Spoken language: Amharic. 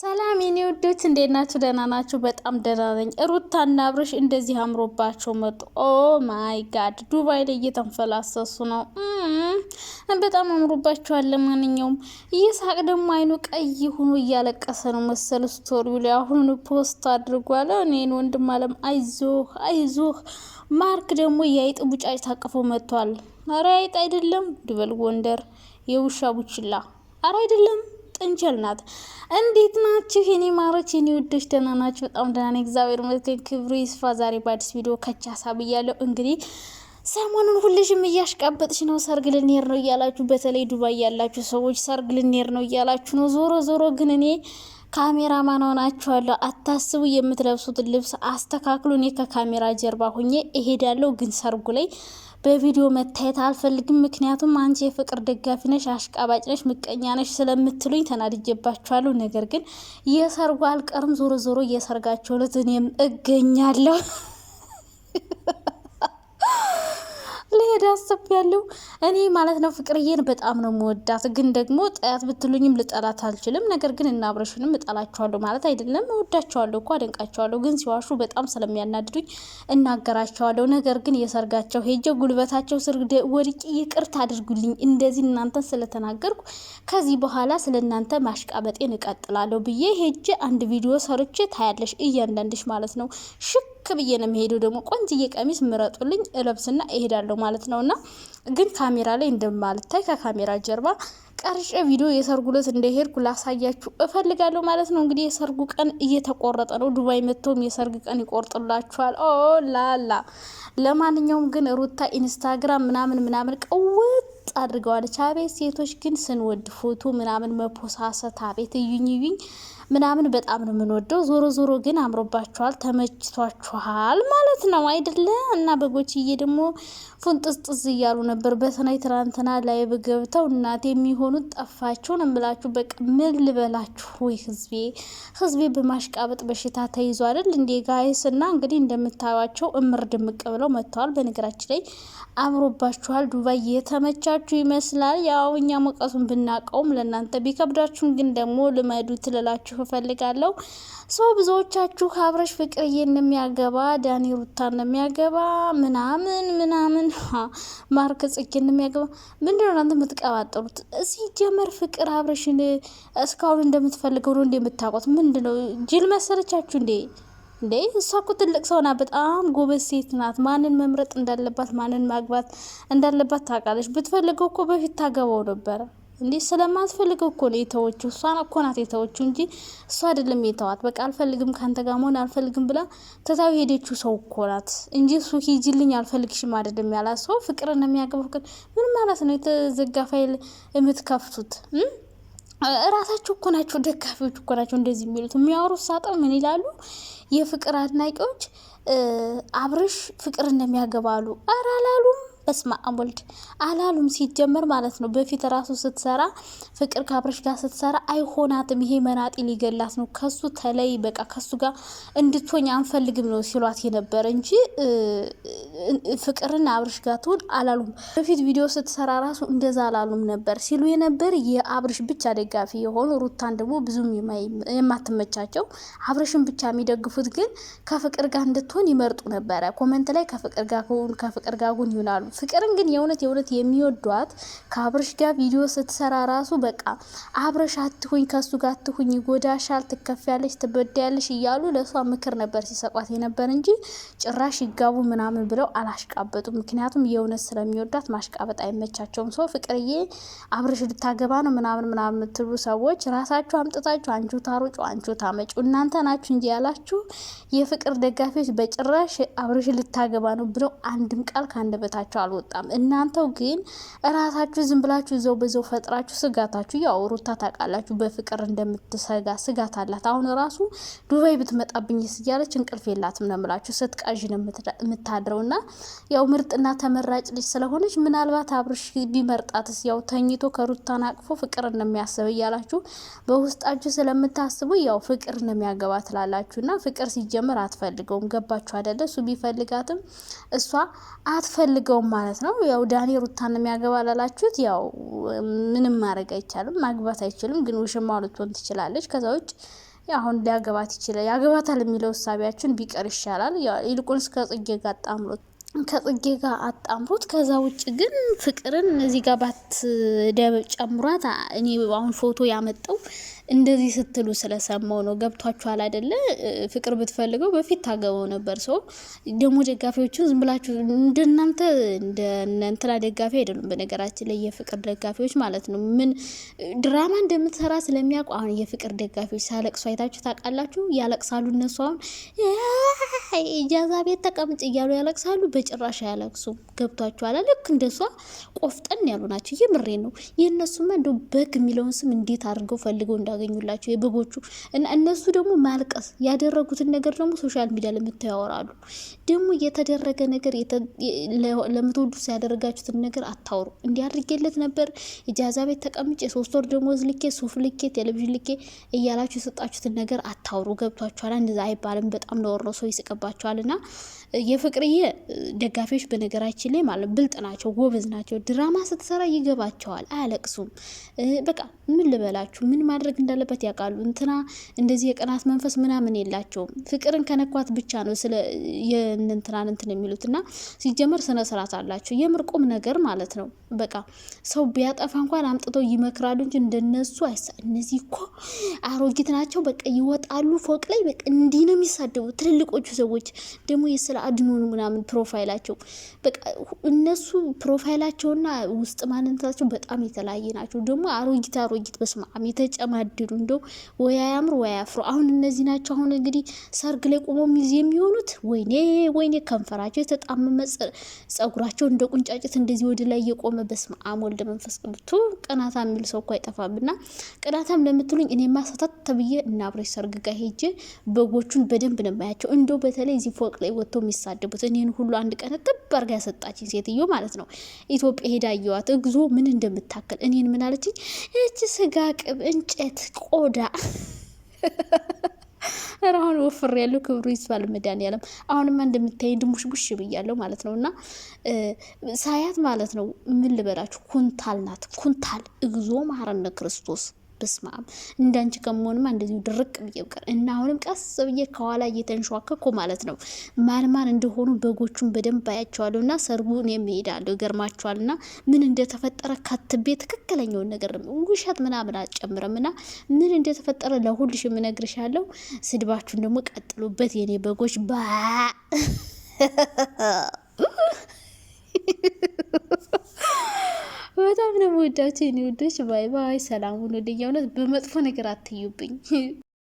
ሰላም የኔ ውዶች እንዴት ናችሁ? ደህና ናችሁ? በጣም ደህና ነኝ። ሩታና አብርሽ እንደዚህ አምሮባቸው መጡ። ኦ ማይ ጋድ ዱባይ ላይ እየተንፈላሰሱ ነው። በጣም አምሮባቸዋል። ለማንኛውም ይሳቅ ደግሞ አይኑ ቀይ ሆኖ እያለቀሰ ነው መሰል ስቶሪው ላይ አሁኑ ፖስት አድርጓል። እኔን ወንድም አለም አይዞህ አይዞህ። ማርክ ደግሞ የአይጥ ቡጫጭ ታቅፎ መጥቷል። አረ አይጥ አይደለም ድበል ጎንደር የውሻ ቡችላ አረ አይደለም ጥንቸል ናት። እንዴት ናችሁ የኔ ማሮች የኔ ውዶች? ደህና ናችሁ? በጣም ደህና ነኝ፣ እግዚአብሔር ይመስገን። ክብሩ ይስፋ። ዛሬ በአዲስ ቪዲዮ ከቻ ሀሳብ እያለው እንግዲህ ሰሞኑን ሁልሽም እያሽቃበጥሽ ነው፣ ሰርግ ልንሄድ ነው እያላችሁ፣ በተለይ ዱባይ ያላችሁ ሰዎች ሰርግ ልንሄድ ነው እያላችሁ ነው። ዞሮ ዞሮ ግን እኔ ካሜራማን ሆናችኋለሁ፣ አታስቡ። የምትለብሱትን ልብስ አስተካክሉ። እኔ ከካሜራ ጀርባ ሁኜ እሄዳለሁ፣ ግን ሰርጉ ላይ በቪዲዮ መታየት አልፈልግም። ምክንያቱም አንቺ የፍቅር ደጋፊ ነሽ፣ አሽቃባጭ ነሽ፣ ምቀኛ ነሽ ስለምትሉኝ ተናድጄባችኋለሁ። ነገር ግን የሰርጉ አልቀርም፣ ዞሮ ዞሮ እየሰርጋቸው ዕለት እኔም እገኛለሁ። እንደሚሄድ አስቤያለሁ። እኔ ማለት ነው ፍቅርዬን በጣም ነው መወዳት ግን ደግሞ ጠያት ብትሉኝም ልጠላት አልችልም። ነገር ግን እና አብረሽንም እጠላቸዋለሁ ማለት አይደለም። እወዳቸዋለሁ እኮ አደንቃቸዋለሁ፣ ግን ሲዋሹ በጣም ስለሚያናድዱኝ እናገራቸዋለሁ። ነገር ግን የሰርጋቸው ሄጀ ጉልበታቸው ስር ወድቄ ይቅርታ አድርጉልኝ እንደዚህ እናንተን ስለተናገርኩ ከዚህ በኋላ ስለ እናንተ ማሽቃበጤን እቀጥላለሁ ብዬ ሄጄ አንድ ቪዲዮ ሰርቼ ታያለሽ፣ እያንዳንድሽ ማለት ነው ሽክ ዝቅ ብዬ ነው የሚሄደው። ደግሞ ቆንጅዬ ቀሚስ ምረጡልኝ እለብስና እሄዳለሁ ማለት ነው። እና ግን ካሜራ ላይ እንደማልታይ ከካሜራ ጀርባ ቀርጬ ቪዲዮ የሰርጉ ዕለት እንደሄድኩ ላሳያችሁ እፈልጋለሁ ማለት ነው። እንግዲህ የሰርጉ ቀን እየተቆረጠ ነው። ዱባይ መጥተውም የሰርግ ቀን ይቆርጥላችኋል። ኦ ላላ። ለማንኛውም ግን ሩታ ኢንስታግራም ምናምን ምናምን ቀውጥ አድርገዋለች። አቤት ሴቶች ግን ስንወድ ፎቶ ምናምን መፖሳሰት አቤት እዩኝ እዩኝ ምናምን በጣም ነው የምንወደው። ዞሮ ዞሮ ግን አምሮባችኋል፣ ተመችቷችኋል ማለት ነው አይደለ? እና በጎችዬ ደግሞ ፉንጥስጥስ እያሉ ነበር። በተለይ ትናንትና ላይቭ ገብተው እናት የሚሆኑት ጠፋችሁን እምላችሁ በቃ ምን ልበላችሁ? ወይ ህዝቤ ህዝቤ በማሽቃበጥ በሽታ ተይዞ አይደል እንዴ ጋይስ? እና እንግዲህ እንደምታዩቸው እምር ድምቅ ብለው መጥተዋል። በነገራችን ላይ አምሮባችኋል። ዱባይ የተመቻ የሚመቻችሁ ይመስላል። ያው እኛ ሙቀቱን ብናቀውም ለእናንተ ቢከብዳችሁም ግን ደግሞ ልመዱ ትልላችሁ እፈልጋለሁ። ሰው ብዙዎቻችሁ አብረሽ ፍቅርዬ እንደሚያገባ ዳኒ ሩታ እንደሚያገባ ምናምን ምናምን ማርክ ጽጌ እንደሚያገባ ምንድን ነው እናንተ የምትቀባጠሩት? ጀመር ፍቅር አብረሽን እስካሁን እንደምትፈልገው ነው እንደ የምታውቁት ምንድን ነው ጅል መሰለቻችሁ እንዴ? እንዴ እሷ እኮ ትልቅ ሰው ናት። በጣም ጎበዝ ሴት ናት። ማንን መምረጥ እንዳለባት ማንን ማግባት እንዳለባት ታውቃለች። ብትፈልገው እኮ በፊት ታገባው ነበረ። እንዴ ስለማትፈልገው እኮ ነው የተወችው። እሷን እኮ ናት የተወችው እንጂ እሷ አይደለም የተዋት። በቃ አልፈልግም፣ ከአንተ ጋር መሆን አልፈልግም ብላ ትታው ሄደችው ሰው እኮ ናት እንጂ እሱ ሂጂልኝ አልፈልግሽም አይደለም ያላት ሰው ፍቅርን የሚያገባው ምን ማለት ነው? የተዘጋ ፋይል የምትከፍቱት እራሳችሁ እኮ ናቸው ደጋፊዎች እኮ ናቸው እንደዚህ የሚሉት የሚያወሩት። ሳጠው ምን ይላሉ? የፍቅር አድናቂዎች አብርሽ ፍቅር እንደሚያገባሉ አራላሉም በስመ አብ ወልድ አላሉም ሲጀመር ማለት ነው። በፊት ራሱ ስትሰራ ፍቅር ካብረሽ ጋር ስትሰራ አይሆናትም፣ ይሄ መናጢ ሊገላት ነው፣ ከሱ ተለይ፣ በቃ ከሱ ጋር እንድትሆኝ አንፈልግም ነው ሲሏት የነበረ እንጂ ፍቅርን አብርሽ ጋር ትሁን አላሉም። በፊት ቪዲዮ ስትሰራ ራሱ እንደዛ አላሉም ነበር ሲሉ የነበር የአብርሽ ብቻ ደጋፊ የሆኑ ሩታን ደግሞ ብዙም የማትመቻቸው አብርሽን ብቻ የሚደግፉት ግን ከፍቅር ጋር እንድትሆን ይመርጡ ነበረ። ኮመንት ላይ ከፍቅር ጋር ከፍቅር ጋር ሁን ይሆናሉ። ፍቅርን ግን የእውነት የእውነት የሚወዷት ከአብረሽ ጋር ቪዲዮ ስትሰራ ራሱ በቃ አብረሽ አትሁኝ፣ ከሱ ጋር አትሁኝ፣ ይጎዳሻል፣ ትከፍያለሽ፣ ትበዳያለሽ እያሉ ለእሷ ምክር ነበር ሲሰጧት የነበር እንጂ ጭራሽ ይጋቡ ምናምን ብለው አላሽቃበጡ። ምክንያቱም የእውነት ስለሚወዷት ማሽቃበጥ አይመቻቸውም። ሰው ፍቅርዬ አብረሽ ልታገባ ነው ምናምን ምናምን የምትሉ ሰዎች ራሳችሁ አምጥታችሁ አንቹ ታሩጩ አንቹ ታመጩ እናንተ ናችሁ እንጂ ያላችሁ የፍቅር ደጋፊዎች በጭራሽ አብረሽ ልታገባ ነው ብለው አንድም ቃል ከአንደበታቸው አልወጣም። እናንተው ግን እራሳችሁ ዝም ብላችሁ እዛው በዛው ፈጥራችሁ ስጋታችሁ ያው ሩታ ታውቃላችሁ በፍቅር እንደምትሰጋ ስጋት አላት። አሁን እራሱ ዱባይ ብትመጣብኝስ እያለች እንቅልፍ የላትም ነው የምላችሁ። ስትቃዥ ነው የምታድረው። እና ያው ምርጥና ተመራጭ ልጅ ስለሆነች ምናልባት አብርሽ ቢመርጣትስ ያው ተኝቶ ከሩታን አቅፎ ፍቅር እንደሚያስብ እያላችሁ በውስጣችሁ ስለምታስቡ ያው ፍቅር እንደሚያገባ ትላላችሁ። እና ፍቅር ሲጀምር አትፈልገውም። ገባችሁ አደለ? እሱ ቢፈልጋትም እሷ አትፈልገውም ማለት ነው። ያው ዳኒ ሩታን የሚያገባ ላላችሁት ያው ምንም ማድረግ አይቻልም። ማግባት አይችልም፣ ግን ውሽማ ልትሆን ትችላለች። ከዛ ውጭ አሁን ሊያገባት ይችላል። ያገባታል የሚለው እሳቢያችን ቢቀር ይሻላል። ይልቁንስ ከጽጌ ጋር አጣምሮት ከጽጌ ጋር አጣምሮት። ከዛ ውጭ ግን ፍቅርን እዚህ ጋር ባት ጨምሯት። እኔ አሁን ፎቶ ያመጣው እንደዚህ ስትሉ ስለሰማው ነው። ገብቷችኋል አይደለ? ፍቅር ብትፈልገው በፊት ታገባው ነበር። ሰው ደግሞ ደጋፊዎቹ ዝም ብላችሁ እንደናንተ እንደነንትና ደጋፊ አይደሉም። በነገራችን ላይ የፍቅር ደጋፊዎች ማለት ነው ምን ድራማ እንደምትሰራ ስለሚያውቁ አሁን የፍቅር ደጋፊዎች ሳለቅሱ አይታችሁ ታውቃላችሁ? ያለቅሳሉ። እነሱ አሁን ኢጃዛ ቤት ተቀምጭ እያሉ ያለቅሳሉ። በጭራሽ አያለቅሱም። ገብቷችኋል? ልክ እንደሷ ቆፍጠን ያሉ ናቸው። የምሬ ነው። የእነሱማ እንደው በግ የሚለውን ስም እንዴት አድርገው ፈልገው እንዳገኙላቸው የበጎቹ እና እነሱ ደግሞ ማልቀስ ያደረጉትን ነገር ደግሞ ሶሻል ሚዲያ ለምታዩ ያወራሉ። ደግሞ የተደረገ ነገር ለምትወዱ ያደረጋችሁትን ነገር አታውሩ። እንዲያድርጌለት ነበር ኢጃዛ ቤት ተቀምጬ የሶስት ወር ደሞዝ ልኬ ሱፍ ልኬ ቴሌቪዥን ልኬ እያላችሁ የሰጣችሁትን ነገር አታውሩ። ገብቷችኋል? እንደዛ አይባልም። በጣም ለወሮ ሰው ይስቅባቸዋል። እና የፍቅርዬ ደጋፊዎች በነገራችን ላይ ማለት ብልጥ ናቸው፣ ጎበዝ ናቸው። ድራማ ስትሰራ ይገባቸዋል፣ አያለቅሱም። በቃ ምን ልበላችሁ፣ ምን ማድረግ እንዳለበት ያውቃሉ። እንትና እንደዚህ የቅናት መንፈስ ምናምን የላቸውም። ፍቅርን ከነኳት ብቻ ነው ስለ የእንትናን እንትን የሚሉት እና ሲጀመር ስነ ስርዓት አላቸው። የምር ቁም ነገር ማለት ነው። በቃ ሰው ቢያጠፋ እንኳን አምጥተው ይመክራሉ እንጂ እንደነሱ አይሳ እነዚህ እኮ አሮጊት ናቸው። በቃ ይወጣሉ ፎቅ ላይ በቃ እንዲህ ነው የሚሳደቡ ትልልቆቹ ሰዎች ደግሞ የስለ አድኖኑ ምናምን ፕሮፋይላቸው በቃ እነሱ ፕሮፋይላቸውን እና ውስጥ ማንነታቸው በጣም የተለያየ ናቸው። ደግሞ አሮጊት አሮጊት በስማም የተጨማደዱ እንደው ወይ አያምር ወይ አያፍሩ። አሁን እነዚህ ናቸው አሁን እንግዲህ ሰርግ ላይ ቆሞ ሚዜ የሚሆኑት ወይኔ ወይኔ ከንፈራቸው የተጣመመ ጸጉራቸው እንደ ቁንጫጭት እንደዚህ ወደ ላይ የቆመ በስማም ወልደ መንፈስ ቅዱቱ ቅናታ የሚል ሰው እኮ አይጠፋም። እና ቅናታም ለምትሉኝ እኔ ማሳታት ተብዬ እና አብረሽ ሰርግ ጋር ሄጄ በጎቹን በደንብ ነው የማያቸው። እንደው በተለይ እዚህ ፎቅ ላይ ወጥቶ የሚሳደቡት እኔን ሁሉ አንድ ቀን ጥብ አርጋ ያሰጣችኝ ሴትዮ ማለት ነው ኢትዮጵያ ሄዳ እየዋት እግዞ ምን እንደምታክል እኔን ምን አለችኝ? እች ስጋ ቅብ እንጨት ቆዳ አሁን ወፍር ያሉ ክብሩ ይስፋል መዳን መድኃኒዓለም። አሁንማ እንደምታይ ድሙሽቡሽ ብያለሁ ማለት ነው። እና ሳያት ማለት ነው ምን ልበላችሁ ኩንታል ናት ኩንታል። እግዞ ማረነ ክርስቶስ በስመ አብ እንዳንቺ ከመሆንም እንደዚሁ ድርቅ ብዬ ብቀር እና አሁንም ቀስ ብዬ ከኋላ እየተንሸዋከኩ ማለት ነው። ማን ማን እንደሆኑ በጎቹን በደንብ አያቸዋለሁ እና ሰርጉን የሚሄዳለሁ ይገርማቸዋል። እና ምን እንደተፈጠረ ከትቤ ትክክለኛውን ነገር ውሸት ምናምን አልጨምርም እና ምን እንደተፈጠረ ለሁልሽ የምነግርሻለሁ። ስድባችሁን ደግሞ ቀጥሉበት የኔ በጎች ባ በጣም ነው የምወዳቸው የኔ ውዶች። ባይ ባይ። ሰላሙን ወደኛ። እውነት በመጥፎ ነገር አትዩብኝ።